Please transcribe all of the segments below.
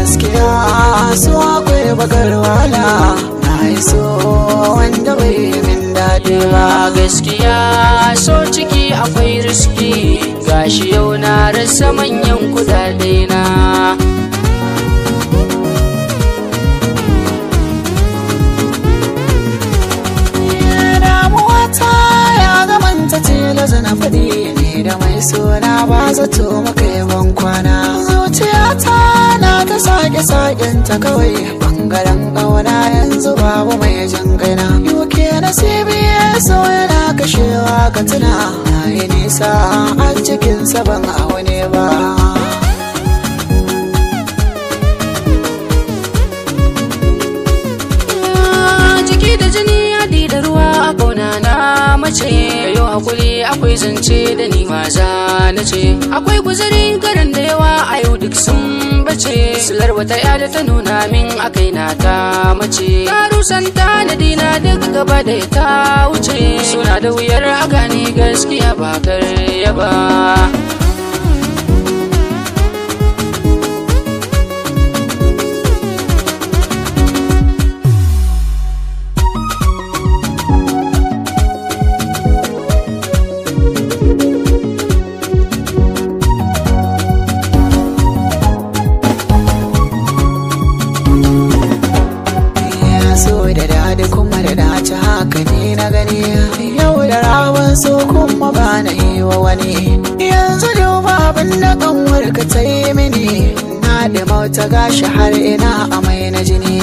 gaskiya su akwai bakar wala na iso wanda bai min dadi ba gaskiya so ciki akwai riski gashi yau na rasa manyan kudade na ta na faɗi ne da mai suna ba zato maka kwana ta kawai bangaren ƙauna yanzu babu mai jin gaina yuke na cbs yana kashewa ka tuna na yi nisa a cikin saban ne ba yau hakuri akwai zance da ni maza na ce akwai guzuri garin da yawa a yau duk sun mace silar wata yada ta nuna min a kaina ta mace ta rusan tanadi na duk gaba da ta wuce suna da wuyar a gaskiya ba karya ba na gani yau da rawan so kuma ba na yi wa wani yanzu duba abin da kanwar ka ta yi mini na da mauta gashi har ina amai na jini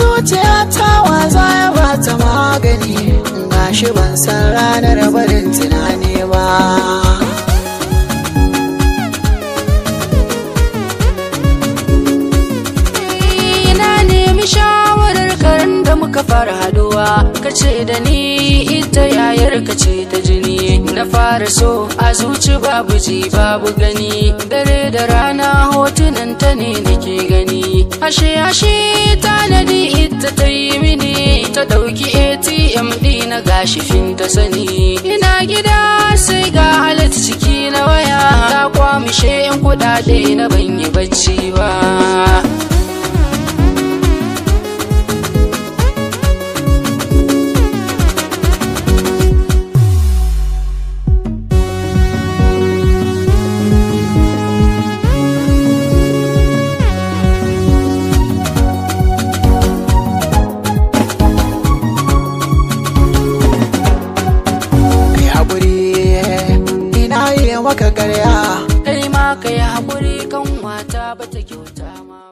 zuciya ta waza ya ta magani gashi ban san ranar barin tunani ba muka fara haduwa ka ce da ni ita yayar ka ce ta jini na fara so a zuci babu ji babu gani dare da rana hotunan ta ne nake gani ashe ashe tanadi ita ta yi mini ta dauki atm dina gashi fin ta sani ina gida sai ga halatta ciki na waya ta kwamishe yan kudade na ban yi bacci ba maka karya kai ma ka yi haƙuri kan wata bata kyauta ma